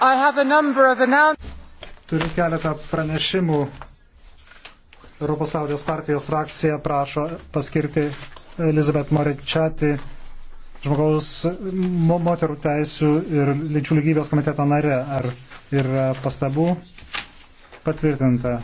Turiu keletą pranešimų. Europos liaudės partijos frakcija prašo paskirti Elizabet Morečiati žmogaus moterų teisų ir lyčių lygybės komiteto nare. Ar yra pastabų? Patvirtinta.